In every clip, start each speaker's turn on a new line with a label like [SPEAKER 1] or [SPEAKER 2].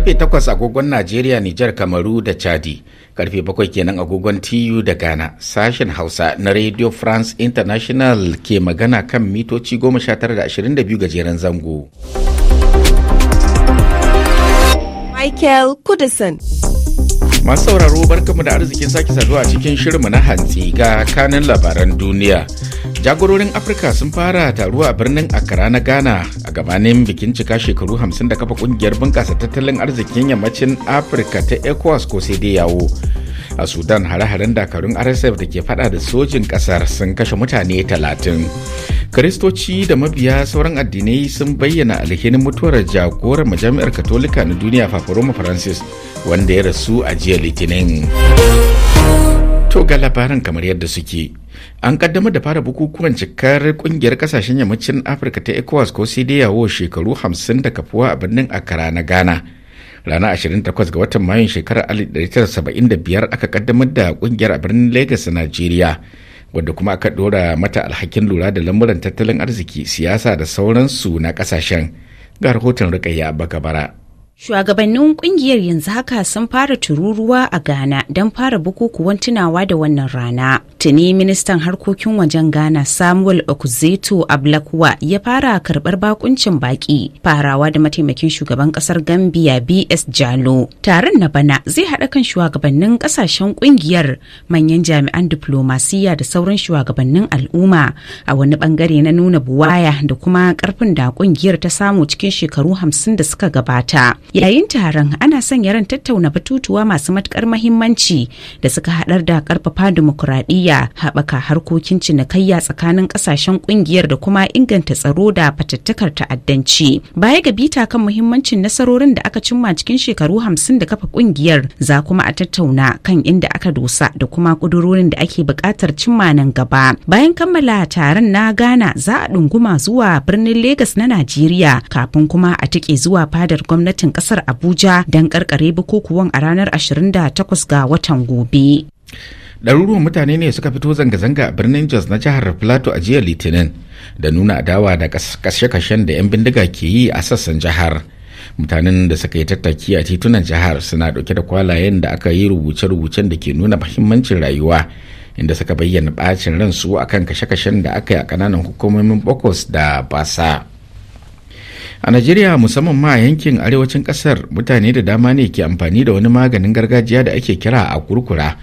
[SPEAKER 1] karfe 8 agogon Najeriya, Nijar, Kamaru da Chadi, karfe 7 kenan agogon TU da Ghana, sashen Hausa na Radio France International ke magana kan mitoci 19.22 gajeren zango.
[SPEAKER 2] Michael Kudison.
[SPEAKER 1] Masu sauraro barkamu da arzikin sake saduwa cikin shirinmu na hantsi ga kanin labaran duniya. jagororin afirka sun fara taruwa a birnin accra na ghana a gabanin bikin cika shekaru 50 da kafa kungiyar bunƙasa tattalin arzikin yammacin afirka ta ecowas ko sai dai yawo a sudan hare-haren dakarun rsf da ke fada da sojin kasar sun kashe mutane 30 kiristoci da mabiya sauran addinai sun bayyana alhinin mutuwar jagorar majami'ar katolika na duniya faforoma francis wanda ya rasu a jiya litinin To ga labaran kamar yadda suke. An kaddamar da fara bukukuwan cikar kungiyar kasashen yammacin Afirka ta ECOWAS ko CDAO shekaru 50 da kafuwa a birnin Accra na Ghana. Ranar 28 ga watan Mayun shekarar 1975 aka kaddamar da kungiyar a birnin Lagos Najeriya. Wadda kuma aka dora mata alhakin lura da lamuran tattalin arziki, siyasa da sauransu na kasashen. Ga rahoton Rukayya Bakabara. bara.
[SPEAKER 2] Shugabannin kungiyar yanzu haka sun fara tururuwa a Ghana don fara bukukuwan tunawa da wannan rana. Tuni ministan harkokin wajen Ghana Samuel Okuzeto Ablakwa ya fara karbar bakuncin baki farawa da mataimakin shugaban kasar Gambia BS Jalo. Taron na bana zai haɗa kan shugabannin kasashen kungiyar manyan jami'an diplomasiya da sauran shugabannin al'umma a wani bangare na nuna buwaya da kuma karfin da kungiyar ta samu cikin shekaru hamsin da suka gabata. Yayin taron ana sanya ran tattauna batutuwa masu matukar mahimmanci da suka haɗar da ƙarfafa dimokuraɗiyya, haɓaka harkokin cinikayya tsakanin ƙasashen ƙungiyar da kuma inganta tsaro da fatattakar ta'addanci. Baya ga bita kan muhimmancin nasarorin da aka cimma cikin shekaru hamsin da kafa ƙungiyar za kuma a tattauna kan inda aka dosa da kuma ƙudurorin da ake buƙatar cimma nan gaba. Bayan kammala taron na Ghana za a ɗunguma zuwa birnin Legas na Najeriya kafin kuma a tike zuwa fadar gwamnatin kasar Abuja don karkare bukukuwan a ranar 28 ga watan gobe. ɗaruruwan mutane ne
[SPEAKER 1] suka fito zanga-zanga a birnin jos na jihar plateau a jiya litinin da nuna adawa da kashe-kashen da 'yan bindiga ke yi a sassan jihar mutanen da suka yi tattaki a titunan jihar suna ɗauke da kwalayen da aka yi rubuce-rubucen da ke nuna mahimmancin rayuwa inda suka bayyana bacin ransu akan kashe-kashen da aka yi a ƙananan hukumomin bokos da basa a najeriya musamman ma a yankin arewacin ƙasar, mutane da dama ne ke amfani da wani maganin gargajiya da ake kira a kurkura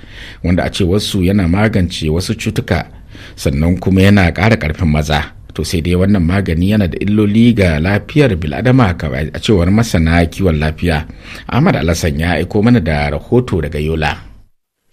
[SPEAKER 1] wanda a ce wasu yana magance wasu cutuka sannan kuma yana ƙara ƙarfin maza to sai dai wannan magani yana da illoli ga lafiyar biladama a cewar masana kiwon lafiya ahmad alasan ya aiko mana da rahoto daga yola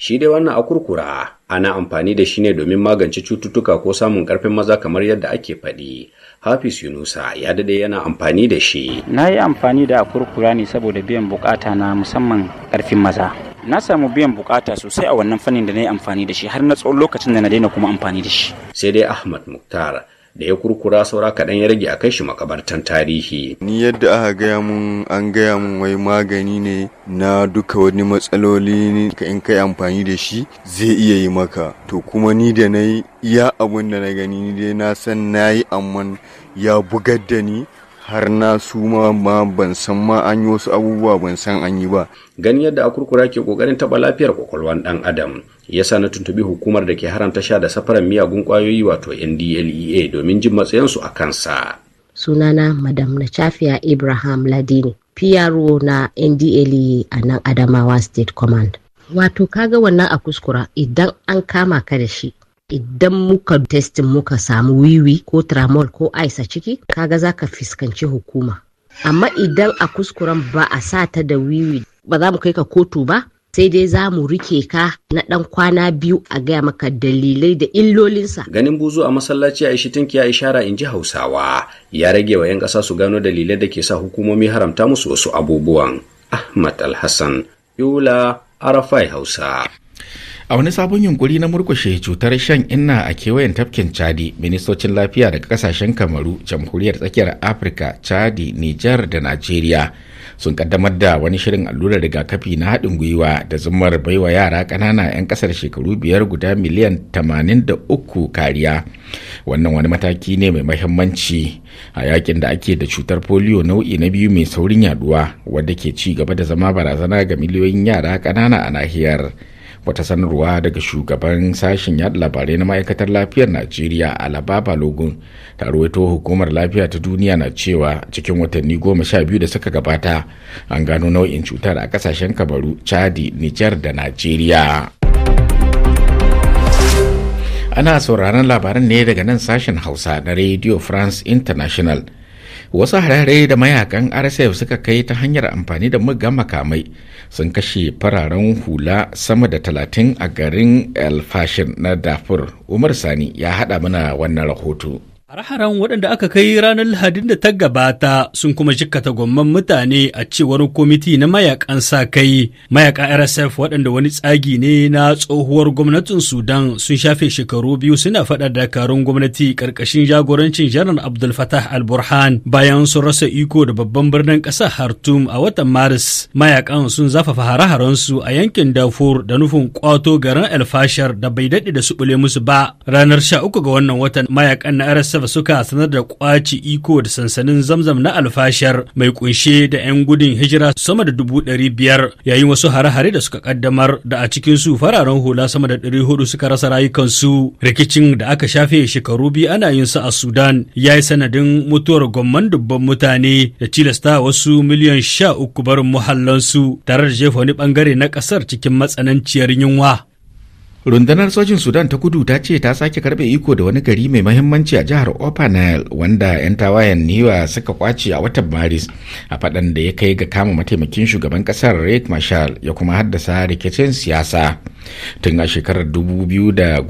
[SPEAKER 1] shi dai wannan akurkura ana amfani da shi ne domin magance cututtuka ko samun karfin maza kamar yadda ake faɗi hafiz yunusa ya dade yana amfani da shi na yi amfani da akurkura ne saboda biyan bukata na
[SPEAKER 2] musamman karfin maza
[SPEAKER 1] na samu biyan bukata
[SPEAKER 3] sosai a wannan fannin da na yi amfani da shi har na tsawon
[SPEAKER 1] lokacin da na daina kuma amfani da shi sai dai ahmad muktar da ya kurkura saura kaɗan ya rage a kai
[SPEAKER 3] shi makabartan tarihi. Ni yadda aka gaya mun an gaya mun wai magani ne na duka wani matsaloli in kai amfani da shi zai iya yi maka. To kuma ni da na yi iya abun da na gani ni dai na san na yi amma ya bugar da ni har na su ma ban san ma an yi wasu abubuwa ban san an yi ba.
[SPEAKER 1] Gani yadda a kurkura ke kokarin taɓa lafiyar kwakwalwan ɗan adam Ya sa na tuntubi hukumar da ke haramta sha da safaran miyagun kwayoyi wato ndlea domin jin matsayinsu a kansa
[SPEAKER 2] sunana madam na chafiya ibrahim ladini PRO na ndlea a nan adamawa state command wato kaga wannan a kuskura idan an kama ka da shi idan muka testin muka samu wiwi ko tramol ko ice a ciki kaga za ka fuskanci hukuma amma idan a kuskuren ba a sa ta da wiwi ba za mu kai ka kotu ba sai dai za mu rike ka na ɗan kwana biyu a gaya maka dalilai da illolinsa.
[SPEAKER 1] Ganin buzu a masallaci a Tinki ya ishara in ji Hausawa ya rage wa 'yan ƙasa su gano dalilai da ke sa hukumomi haramta musu wasu abubuwan. Ahmad Alhassan, Yola, Arafai Hausa. a wani sabon yunkuri na murkushe cutar shan inna a kewayen tafkin chadi ministocin lafiya daga kasashen kamaru jamhuriyar tsakiyar afirka chadi nijar da najeriya sun kaddamar da wani shirin allurar rigakafi na haɗin gwiwa da zumar baiwa yara ƙanana 'yan ƙasar shekaru biyar guda miliyan 83 kariya wannan wani mataki ne mai mahimmanci a yakin da ake da cutar polio nau'i na biyu mai saurin yaduwa wadda ke ci gaba da zama barazana ga miliyoyin yara ƙanana a nahiyar. wata sanarwa daga shugaban sashen yada labarai na ma'aikatar lafiyar najeriya alababa balogun ta ruwaito hukumar lafiya ta duniya na cewa cikin watanni goma sha biyu da suka gabata an gano nau'in cutar a kasashen kabaru chadi nijar da najeriya ana sauraron labaran ne daga nan sashen hausa na radio france international wasu harare da mayakan rsf suka kai ta hanyar amfani da muga makamai sun kashe fararen hula sama da talatin a garin el fashin na dafur umar sani ya haɗa mana wannan rahoto
[SPEAKER 3] Har-haren waɗanda aka kai ranar Lahadin da ta gabata sun kuma jikkata gomman mutane a cewar kwamiti na mayakan sa kai. Mayaka RSF waɗanda wani tsagi ne na tsohuwar gwamnatin Sudan sun shafe shekaru biyu suna faɗa dakarun gwamnati ƙarƙashin jagorancin Janar Abdul Fattah al-Burhan bayan sun rasa iko da babban birnin ƙasar hartum a watan Maris. Mayakan sun zafafa hare-harensu a yankin Darfur da nufin kwato garin El Fashar da bai daɗe da subule musu ba. Ranar 13 ga wannan watan mayakan na RSF da suka sanar da kwaci iko da sansanin zamzam na alfashar mai kunshe da 'yan gudun hijira sama da dubu ɗari biyar yayin wasu hare-hare da suka kaddamar da a cikin su fararen hula sama da ɗari hudu suka rasa rayukansu rikicin da aka shafe shekaru biyu ana yin su a Sudan ya yi sanadin mutuwar gwamman dubban mutane da tilasta wasu miliyan sha uku barin muhallansu tare da jefa wani bangare na ƙasar cikin matsananciyar yunwa. rundunar sojin sudan ta
[SPEAKER 1] kudu ta ce ta sake karbe iko da wani gari mai mahimmanci a jihar Nile wanda 'yan tawayen niwa suka kwace a watan maris a faɗan da ya kai ga kama mataimakin shugaban kasar riek marshal ya kuma haddasa rikicin siyasa tun a shekarar 2018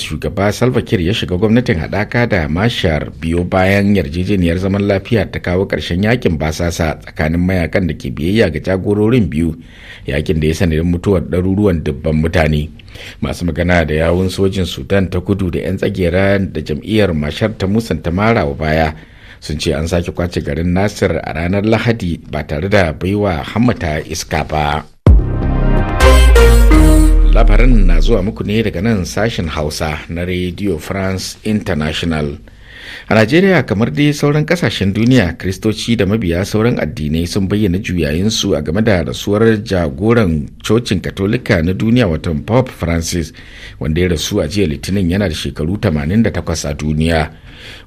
[SPEAKER 1] shugaba salva kiir ya shiga gwamnatin haɗaka da mashar biyo bayan yarjejeniyar zaman lafiya ta kawo ƙarshen yakin basasa tsakanin mayakan da ke biyayya ga jagororin biyu yakin da ya sanadin mutuwar ɗaruruwan dubban mutane masu magana da yawun sojin sudan ta kudu da 'yan tsagera da jam'iyyar mashar ta musanta wa baya sun ce an sake kwace garin nasir a ranar lahadi ba tare da baiwa "Hamata iska ba labarin na zuwa muku ne daga nan sashen hausa na radio france international a najeriya kamar dai sauran kasashen duniya kristoci da mabiya sauran addinai sun bayyana juyayensu a game da rasuwar jagoran cocin katolika na duniya watan pope francis wanda ya rasu a jiya litinin yana da shekaru 88 a duniya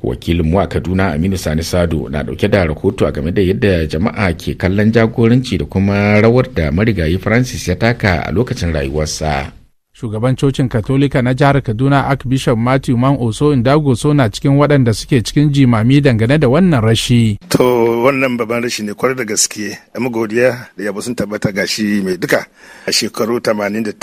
[SPEAKER 1] wakilin mu a kaduna aminu sani sado na dauke da rahoto a game da yadda jama'a ke kallon jagoranci da kuma rawar da marigayi francis ya taka a lokacin rayuwarsa
[SPEAKER 4] shugaban cocin katolika na jihar kaduna archbishop matthew man oso indagoso na cikin waɗanda suke cikin jimami dangane da wannan rashi
[SPEAKER 1] to wannan babban rashi ne kwarar da gaske amma godiya da yabo sun tabbata gashi mai duka a shekaru 88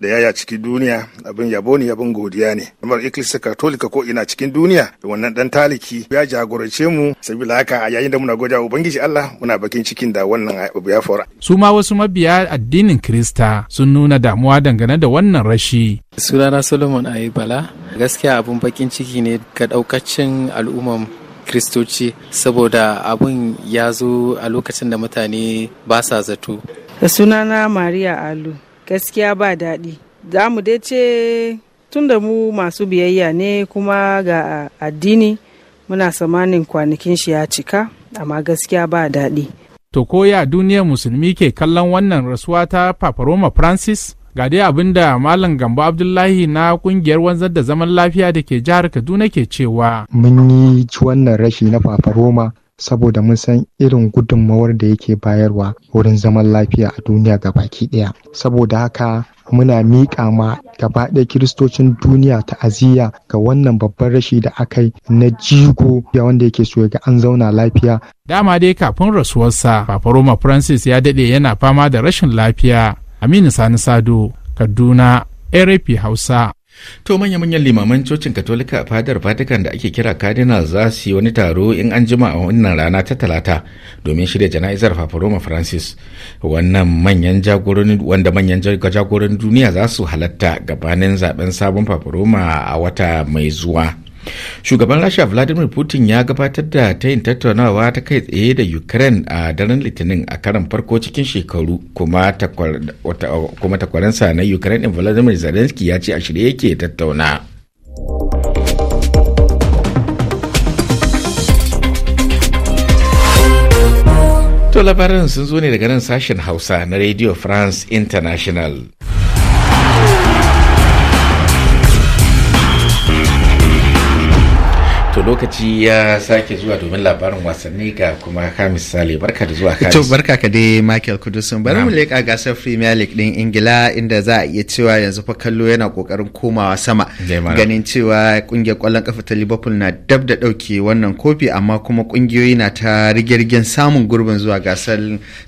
[SPEAKER 1] da yaya cikin duniya abin yabo ne abin godiya ne kamar ikilisiyar katolika ko ina cikin duniya wannan dan taliki ya jagorance mu sabila haka a yayin da muna godiya ubangiji Allah muna bakin cikin da wannan abu ya fara
[SPEAKER 4] su ma wasu mabiya addinin krista sun nuna damuwa dangane da wannan rashi sunana solomon
[SPEAKER 1] ayibala gaskiya abin bakin ciki ne ga daukacin al'umman kristoci saboda abun ya zo a lokacin da mutane ba sa zato
[SPEAKER 2] sunana maria alu gaskiya ba daɗi za mu dai ce tun da mu masu biyayya ne kuma ga addini muna samanin kwanakin shi ya cika amma gaskiya ba daɗi
[SPEAKER 4] to koya duniyar musulmi ke kallon wannan rasuwa ta paparoma francis ga dai abin da malam gambo abdullahi na kungiyar wanzar da zaman lafiya da ke jihar kaduna ke cewa
[SPEAKER 3] mun yi wannan rashi na paparoma saboda mun san irin gudunmawar da yake bayarwa wurin zaman lafiya a duniya ga baki ɗaya saboda haka muna miƙa ma gaba ɗaya kiristocin duniya ta'aziyya ga wannan babban rashi da aka yi na jigo ya wanda yake so ga an zauna lafiya.
[SPEAKER 4] Dama dai kafin rasuwarsa, Papa Roma Francis ya daɗe yana fama da rashin lafiya. Aminu Sani Sado, Kaduna, RP Hausa.
[SPEAKER 1] To manya-manyan limaman cocin Katolika a fadar Vatican da ake kira Cardinal za su yi wani taro in an jima a wannan rana ta talata domin shirya jana'izar Papa Francis. Wannan manyan wanda manyan jagorin duniya za su halatta gabanin zaben sabon Papa a wata mai zuwa. shugaban rasha vladimir putin ya gabatar da ta yin tattaunawa ta kai tsaye da ukraine a daren litinin a karan farko cikin shekaru kuma takwaransa na ukraine din vladimir zelensky ya ce a shirye yake tattauna to labaran sun zo ne daga nan sashen hausa na radio france international lokaci ya sake zuwa domin
[SPEAKER 3] labarin wasanni ga kuma Hamis Sale barka da zuwa kamis To barka ka dai Michael Kudusun bari mu leƙa gasar Premier League din Ingila inda za a iya cewa yanzu fa kallo yana kokarin komawa sama ganin cewa kungiyar kwallon kafa ta Liverpool na dab da dauke wannan kofi amma kuma kungiyoyi na ta rigirgen samun gurbin zuwa gasar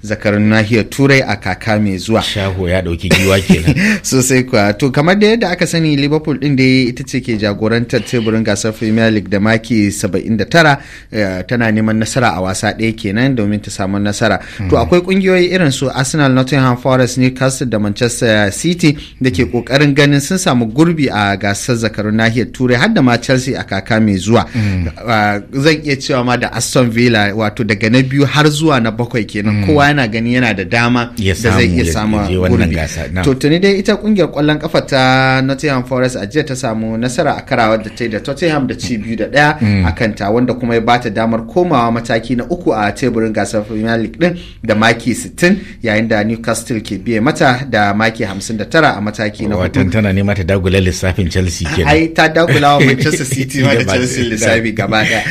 [SPEAKER 3] zakarun nahiyar Turai a kaka mai zuwa. Shaho ya dauki giwa kenan. Sosai kuwa to kamar da yadda aka sani Liverpool din dai ita ce ke jagorantar teburin gasar Premier League da maki take 79 eh, tana neman nasara a wasa ɗaya kenan domin ta samu nasara to hmm. akwai ƙungiyoyi irin su arsenal nottingham forest newcastle da manchester city da ke kokarin hmm. ganin sun samu gurbi a gasar zakarun nahiyar turai har da ma chelsea a kaka mai zuwa hmm. eh, zan iya cewa ma da aston villa wato daga na biyu har zuwa na bakwai kenan kowa yana gani yana da dama da zai iya samu gurbi to tuni dai ita kungiyar kwallon kafa ta nottingham forest a jiya ta samu nasara a karawar da ta yi da tottenham da ci biyu da ɗaya. Mm. a kanta wanda kuma ya bata damar komawa mataki na uku a teburin gasar Premier League din da maki 60 yayin da Newcastle ke biye mata da maki 59 a mataki na hudu. tana nema ta dagula lissafin Chelsea kenan. Ai ta dagula wa Manchester City ma da Chelsea lissafi gaba daya.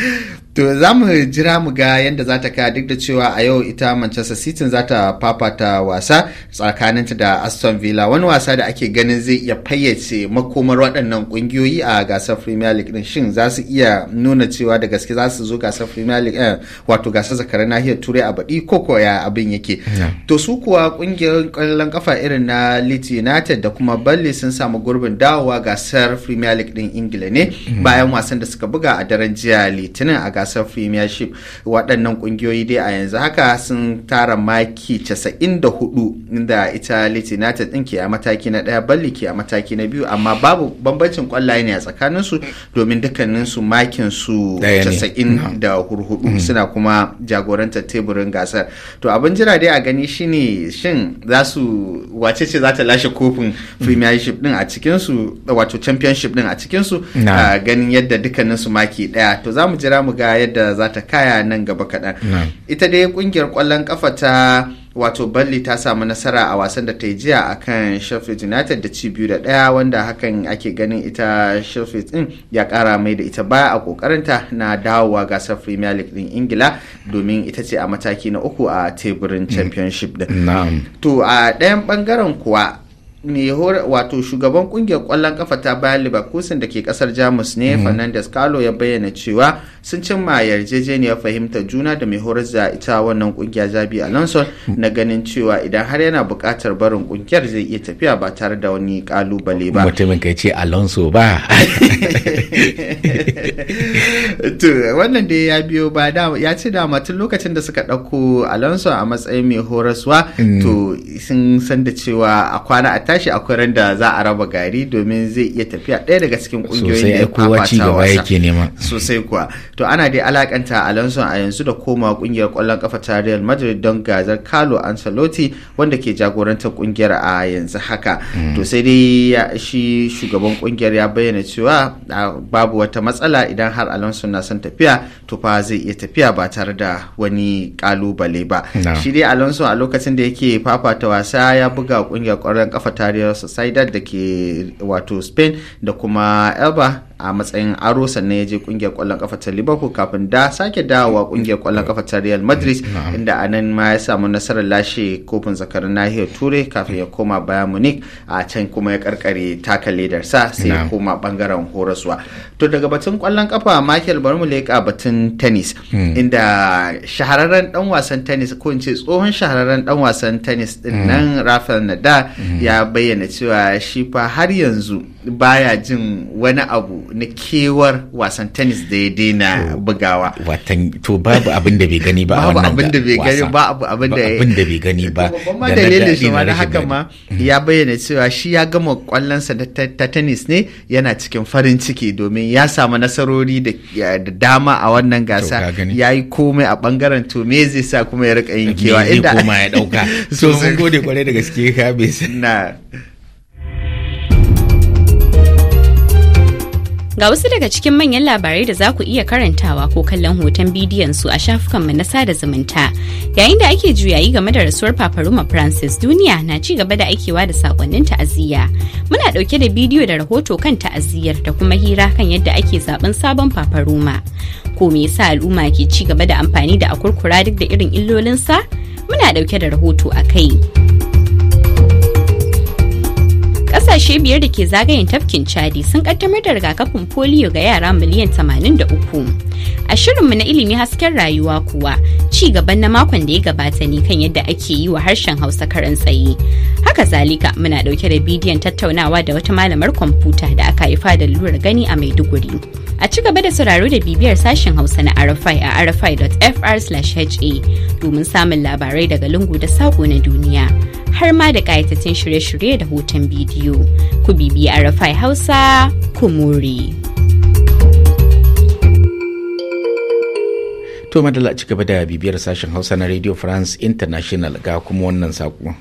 [SPEAKER 3] To za mu jira mu ga yadda za ta kaya duk da cewa a yau ita Manchester City za ta fafata wasa tsakaninta da Aston Villa wani wasa da ake ganin zai iya fayyace makomar waɗannan ƙungiyoyi a gasar Premier League din shin za su iya nuna cewa da gaske za su zo gasar Premier League eh, wato gasar zakarar nahiyar Turai a baɗi ko koya abin yake. To su kuwa ƙungiyar ƙwallon kafa irin na Leeds United da kuma Burnley sun samu gurbin dawowa gasar Premier League din Ingila ne mm. bayan wasan da suka buga a daren jiya Litinin a gasar gasar premiership waɗannan ƙungiyoyi dai a yanzu haka sun tara maki 94 inda ita litinata ɗin ke a mataki na ɗaya balli ke a mataki na biyu amma babu bambancin ƙwallaye ne a tsakaninsu domin dukkanin su makin su 94 mm-hmm. suna kuma jagorantar teburin gasar to abin jira dai a gani shine shin za su wace ce za ta lashe kofin premiership mm-hmm. din a cikin su wato championship din a cikin su ganin yadda dukkanin su maki ɗaya to za mu jira mu ga yadda za ta kaya nan gaba kaɗan ita dai ƙungiyar ƙwallon ƙafa ta wato balli ta samu nasara a wasan da ta yi jiya a kan sheffield united da ci biyu da ɗaya wanda hakan ake ganin ita sheffield ɗin ya ƙara mai da ita baya a ƙoƙarinta na dawowa gasar premier league din ingila domin ita ce a mataki na uku a teburin mm. championship ɗin to a ɗayan ɓangaren kuwa ne wato shugaban kungiyar ƙwallon kafa ta bayan leverkusen da ke ƙasar jamus ne mm. fernandes carlo ya bayyana cewa sun cimma yarjejeniyar fahimtar juna da mai horar da ita wannan kungiya zabi alonso na ganin cewa idan har yana buƙatar barin kungiyar zai iya tafiya ba tare da wani kalubale ba
[SPEAKER 1] mutumin kai ce alonso ba
[SPEAKER 3] to wannan da ya biyo ba ya ce da tun lokacin da suka ɗauko alonso a matsayin mai horaswa mm. to sun san da cewa a kwana a tashi akwai ran da za a raba gari domin zai iya tafiya ɗaya daga cikin kungiyoyin da ya fafata wasa sosai kuwa to ana dai alakanta alonso a yanzu da koma kungiyar kwallon kafa ta real madrid don gazar carlo ancelotti wanda ke jagorantar kungiyar a yanzu haka mm. to sai dai shi shugaban kungiyar ya bayyana cewa babu wata matsala idan har alonso na son tafiya to fa zai iya tafiya ba tare da wani kalubale ba shi dai alonso a lokacin da yake fafata wasa ya buga kungiyar kwallon kafa ta real sociedad da ke wato spain da kuma elba a matsayin aro sannan ya je kungiyar kwallon kafa ta liverpool kafin da sake dawowa kungiyar kwallon kafa ta real madrid inda a nan ma ya samu nasarar lashe kofin zakarin nahiyar turai kafin ya koma bayan munich a can kuma ya karkare taka ledarsa sai ya koma bangaren horaswa to daga batun kwallon kafa michael bari mu leƙa batun tennis hmm. inda shahararren dan wasan tennis ko in ce tsohon shahararren dan wasan tennis din hmm. nan rafael nadal hmm. ya bayyana cewa shi fa har yanzu baya jin wani abu na kewar wasan tennis da ya daina bugawa watan to babu abin da bai gani ba a wannan abin da bai gani ba abu abin da abin da bai gani ba da dalilin shi ma haka ma ya bayyana cewa shi ya gama kwallonsa ta tennis ne yana cikin farin ciki domin ya samu nasarori da dama a wannan gasa ya yi komai a bangaren to me zai sa kuma ya rika yin kewa inda kuma ya dauka so mun gode kwarai da gaske ka bai na
[SPEAKER 5] Ga wasu daga cikin manyan labarai da za ku iya karantawa ko kallon hoton bidiyon su a shafukanmu na sada zumunta. Yayin da ake juyayi game da rasuwar Paparuma Francis duniya na ci gaba da aikewa da sakonnin ta'aziyya. Muna ɗauke da bidiyo da rahoto kan ta'aziyyar da kuma hira kan yadda ake zaben sabon Paparuma. Ko me yasa al'umma ke ci gaba da amfani da akurkura duk da irin illolinsa? Muna ɗauke da rahoto a kai. cibiyar da ke zagayen tafkin Chadi sun kaddamar da rigakafin polio ga yara miliyan tamanin da uku. A shirinmu na ilimi hasken rayuwa kuwa ci gaban na makon da ya gabata ne kan yadda ake yi wa harshen Hausa karan tsaye. Haka zalika muna dauke da bidiyon tattaunawa da wata malamar kwamfuta da aka haifa da lura gani a Maiduguri. A ci gaba da sauraro da bibiyar sashen Hausa na RFI a rfifr ha domin samun labarai daga lungu da sako na duniya. Har ma da ƙayatattun shirye-shirye da hoton bidiyo. Ku bibi RFI Hausa, ku more.
[SPEAKER 1] To madalla ci gaba da bibiyar sashen Hausa na Radio France International ga kuma wannan sako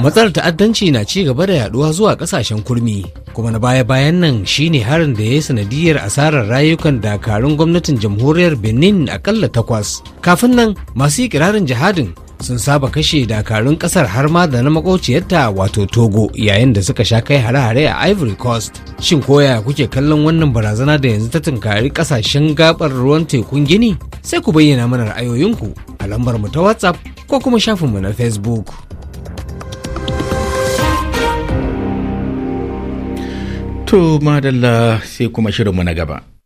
[SPEAKER 1] Matsalar ta'addanci na ci gaba da yaduwa zuwa kasashen kurmi. kuma na baya-bayan nan shine harin da ya yi sanadiyar asarar rayukan dakarun gwamnatin jamhuriyar benin akalla takwas kafin nan masu ikirarin jihadin sun saba kashe dakarun kasar har ma da na makauciyarta wato togo yayin da suka sha kai hare-hare a ivory coast shin koya kuke kallon wannan barazana da yanzu ta tunkari kasashen gabar ruwan tekun gini sai ku bayyana mana ra'ayoyinku a lambar mu ta whatsapp ko kuma shafinmu na facebook To madalla sai kuma shirinmu na gaba.